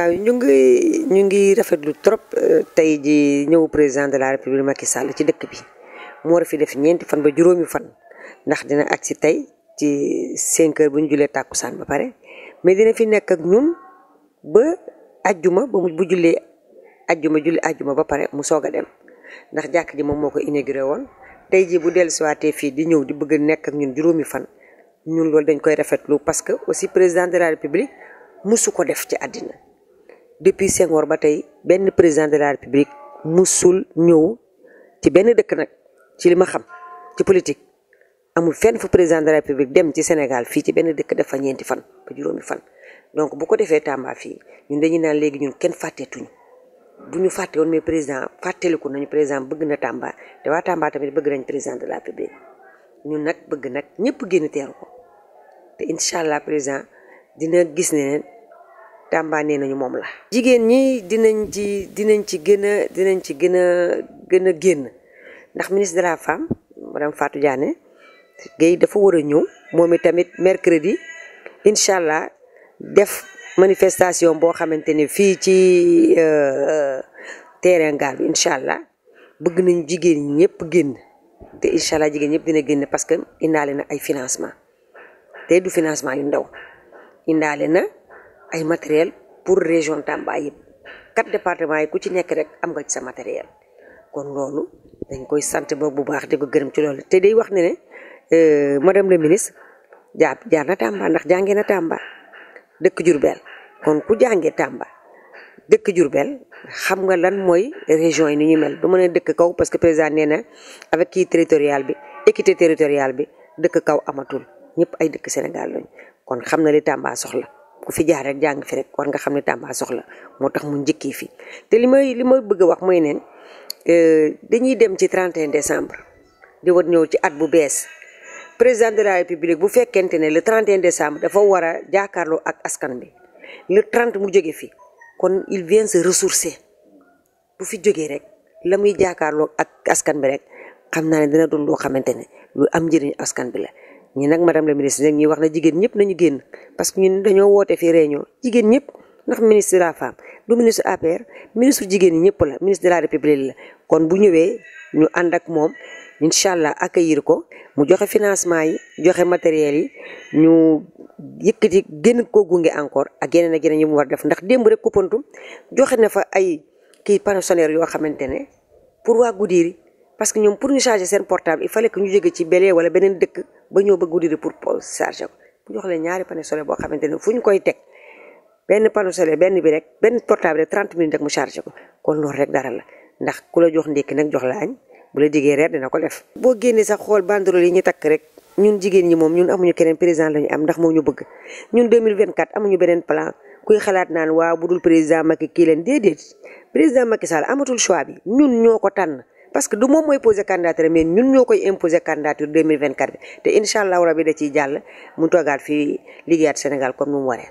waaw ñu ngi ñu ngi rafetlu trop euh, tey ji ñëw président de la république Macky Sall ci dëkk bi moo war a fi def ñeenti fan ba juróomi fan ndax dina si tey ci 5 heures bu ñu julee tàkkusaan ba pare mais dina fi nekk ak ñun ba ajjuma ba bu jullee ajjuma julli ajjuma ba pare mu soog a dem ndax jàkk ji moom moo ko inauguré woon tey ji bu dellusiwaatee fii di ñëw di bëgg nekk ak ñun juróomi fan ñun loolu dañ koy rafetlu parce que aussi président de la république musu ko def ci àddina depuis Senghor ba tey benn président de la république musul ñëw ci benn dëkk nag ci li ma xam ci politique amul fenn fu président de la république dem ci Sénégal fii ci benn dëkk fa ñeenti fan ba juróomi fan donc bu ko defee Tamba fii ñun dañuy naan léegi ñun kenn fàtteetuñu bu ñu fàtte woon mais président fàtteliku nañu bëgg na Tamba te waa Tamba tamit bëgg nañ président de la République ñun nag bëgg nag ñëpp génn teeru ko te incha allah président dina gis ne tambane nañu mom la jigen ñi dinañ ci dinañ ci gëna dinañ ci gëna gëna gën ndax ministre de la femme madame Fatou Diané dafa wara ñu momi tamit mercredi inshallah def manifestation bo xamanteni fi ci euh, euh terrain gaal bi incha bëgg nañ jigen ñi te incha allah dina génn parce que indaale ay financement te du financement yu ndaw ay matériel pour région Tamba yëpp quatre départements yi ku ci nekk rek am nga ci sa matériel kon loolu dañ koy sant ba bu baax di ko gërëm ci loolu te day wax ne ne euh, madame la ministre jaar jaar na Tamba ndax jàngee na Tamba dëkk Diourbel kon ku jàngee Tamba dëkk Diourbel xam nga lan mooy région yi ni ñu mel du mën a dëkk kaw parce que président neena na avec kii territorial bi équité territoriale bi dëkk kaw amatul ñëpp ay dëkk Sénégal lañu kon xam na li Tamba soxla ku fi jaar rek jàng fi rek war nga xam ne Tamba soxla moo tax mu njëkkee fi te li may li may bëgg a wax muy neen euh, dañuy dem ci 31 décembre di war ñëw ci at bu bees président de la république bu fekkente ne le 31 décembre dafa war a jaakaarloo ak askan bi le 30 mu jóge fi kon il vient se ressourcer bu fi jógee rek la muy jaakaarloo ak askan bi rek xam naa ne dina doon loo xamante ne lu am njëriñ askan bi la ñi nag madame la ministre nag ñi wax na jigéen ñëpp nañu génn parce que ñu dañoo woote fii réunion jigéen ñëpp ndax ministre à la femme du ministre APR ministre jigéen ñi ñëpp la ministre de la la kon bu ñëwee ñu ànd ak moom incha allah yiir ko mu joxe financement yi joxe matériel yi ñu yëkk yëkkati génn koo gunge encore ak geneen ak yeneen yi mu war def ndax démb rek Koupantoum joxe na fa ay kii panneaux yoo xamante ne pour waa Goudiri parce que ñoom pour ñu charger seen portable yi fa que ñu jóge ci belee wala beneen dëkk. ba ñoo bëgg guddi de pour charger ko bu jox leen ñaari panneau boo xamante ne fu ñu koy teg benn panneau benn bi rek benn portable rek 30 minutes mu chargé ko kon loolu rek dara la ndax ku la jox ndékki nag jox la añ bu la digee rek dina ko def. boo génnee sax xool banderole yi ñu takk rek ñun jigéen ñi moom ñun amuñu keneen président la ñu am ndax moo ñu bëgg ñun 2024 amuñu beneen plan kuy xalaat naan waaw dul président Macky kii leen déedéet président Macky Sall amatul choix bi ñun ñoo ko tànn. parce que du moom mooy posé candidature mais ñun ñoo koy imposé candidature 2024 bi te incha allahu rabi da ciy jàll mu toogaat fii liggéeyaat Sénégal comme ni mu waree.